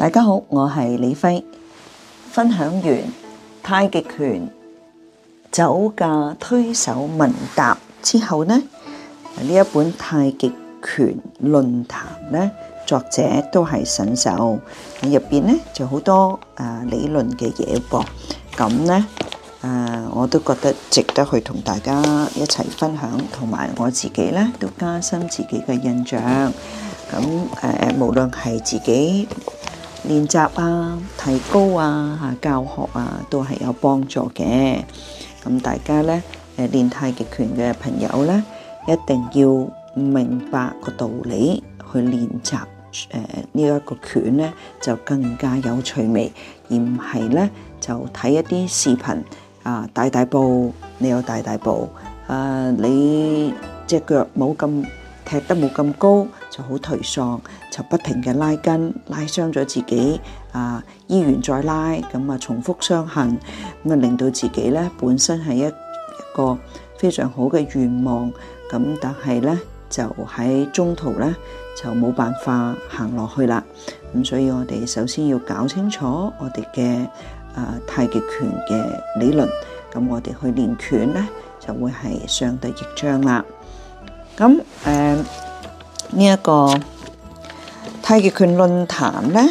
大家好，我係李輝，分享完太極拳走架推手問答之後呢，呢一本太極拳論壇呢，作者都係神手，喺入邊呢就好多誒理論嘅嘢噃，咁呢誒我都覺得值得去同大家一齊分享，同埋我自己呢都加深自己嘅印象，咁誒無論係自己。練習啊，提高啊，吓教學啊，都係有幫助嘅。咁大家咧，誒練太極拳嘅朋友咧，一定要明白個道理去練習。誒呢一個拳咧就更加有趣味，而唔係咧就睇一啲視頻啊，大大步，你有大大步，誒、啊、你隻腳冇咁。踢得冇咁高就好頹喪，就不停嘅拉筋，拉傷咗自己。啊，醫完再拉，咁啊重複傷痕，咁啊令到自己咧本身係一個非常好嘅願望，咁但係咧就喺中途咧就冇辦法行落去啦。咁所以我哋首先要搞清楚我哋嘅啊太極拳嘅理論，咁我哋去練拳咧就會係相得益彰啦。咁誒、嗯這個、呢一個太極拳論壇咧，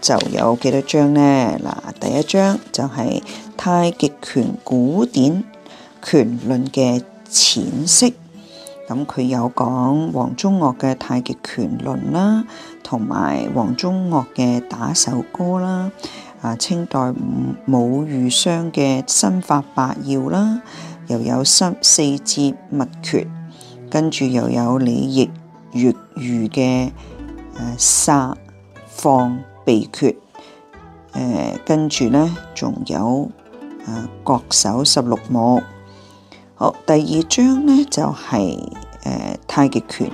就有幾多張咧？嗱，第一張就係《太極拳古典拳論》嘅淺色，咁佢有講王宗岳嘅《太極拳論》啦，同埋王宗岳嘅打手歌啦，啊，清代武禹襄嘅《身法八要》啦，又有節《身四字密訣》。跟住又有李亦畬嘅誒撒放秘訣，誒、呃、跟住咧仲有誒擱、呃、手十六目。好，第二章咧就係、是、誒、呃、太極拳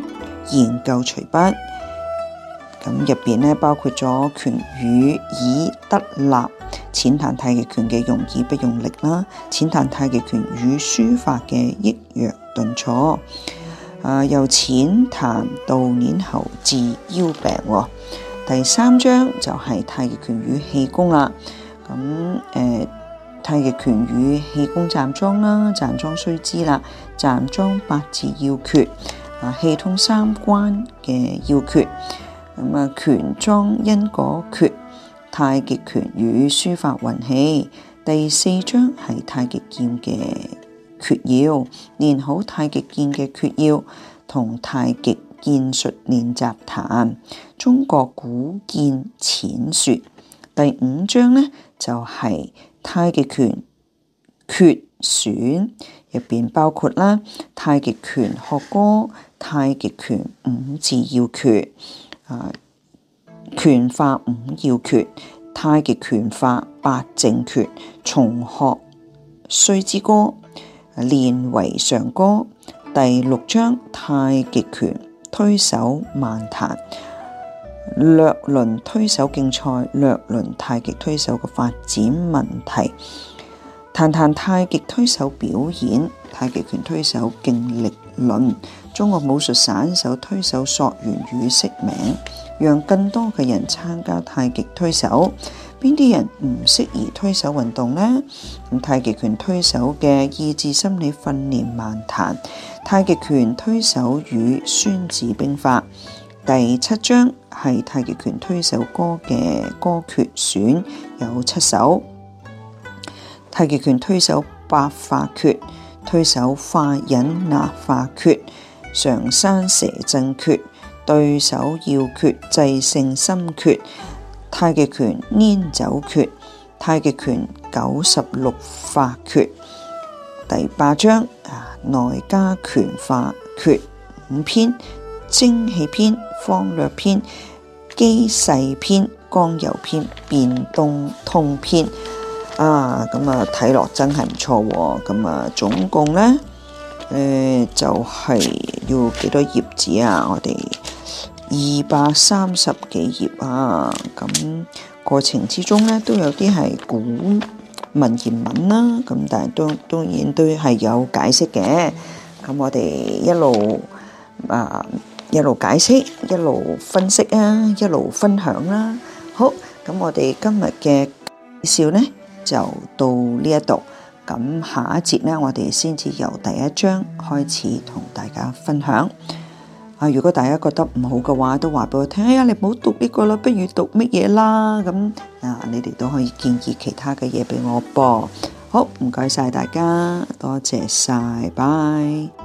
研究隨筆，咁入邊咧包括咗拳語以德立，淺談太極拳嘅用意不用力啦，淺談太極拳與書法嘅抑揚頓挫。啊，由淺談到年後治腰病，哦。第三章就係太極拳與氣功啦。咁誒、呃，太極拳與氣功站樁、啊、啦，站樁須知啦，站樁八字要訣啊，氣通三關嘅要訣。咁啊，拳樁因果訣，太極拳與書法運氣。第四章係太極劍嘅。訣要，練好太極劍嘅訣要，同太極劍術練習，談中國古劍淺說。第五章呢，就係、是、太極拳訣選入邊包括啦，太極拳學歌、太極拳五字要訣啊、拳法五要訣、太極拳法八正訣、重學碎之歌。練為上歌第六章太極拳推手漫談，略論推手競賽，略論太極推手嘅發展問題，談談太極推手表演，太極拳推手勁力論，中國武術散手推手溯源與釋名，讓更多嘅人參加太極推手。邊啲人唔適宜推手運動呢？咁太極拳推手嘅意志心理訓練漫談，太極拳推手與孫子兵法第七章係太極拳推手歌嘅歌訣選有七首，太極拳推手八法訣，推手化引拿化訣，常山蛇陣訣，對手要訣，制勝心訣。太極拳黏走訣，太極拳九十六法訣第八章啊，內家拳法訣五篇：精氣篇、方略篇、機勢篇、剛柔篇、變動通篇啊。咁啊，睇落真係唔錯。咁啊，總共咧誒、呃，就係、是、要幾多頁紙啊？我哋。二百三十幾頁啊，咁過程之中咧都有啲係古文言文啦，咁但係都當然都係有解釋嘅。咁我哋一路啊一路解釋，一路分析啊，一路分享啦。好，咁我哋今日嘅介紹咧就到呢一度，咁下一節咧我哋先至由第一章開始同大家分享。啊！如果大家覺得唔好嘅話，都話俾我聽。哎呀，你唔好讀呢個啦，不如讀乜嘢啦？咁啊，你哋都可以建議其他嘅嘢俾我噃。好，唔該曬大家，多謝曬，拜拜。